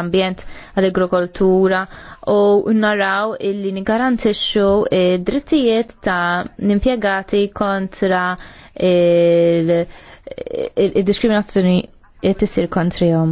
ambjent l agrikoltura u naraw illi nigarantixxu eh, drittijiet ta' nimpjegati kontra il-diskriminazzjoni il, il, il,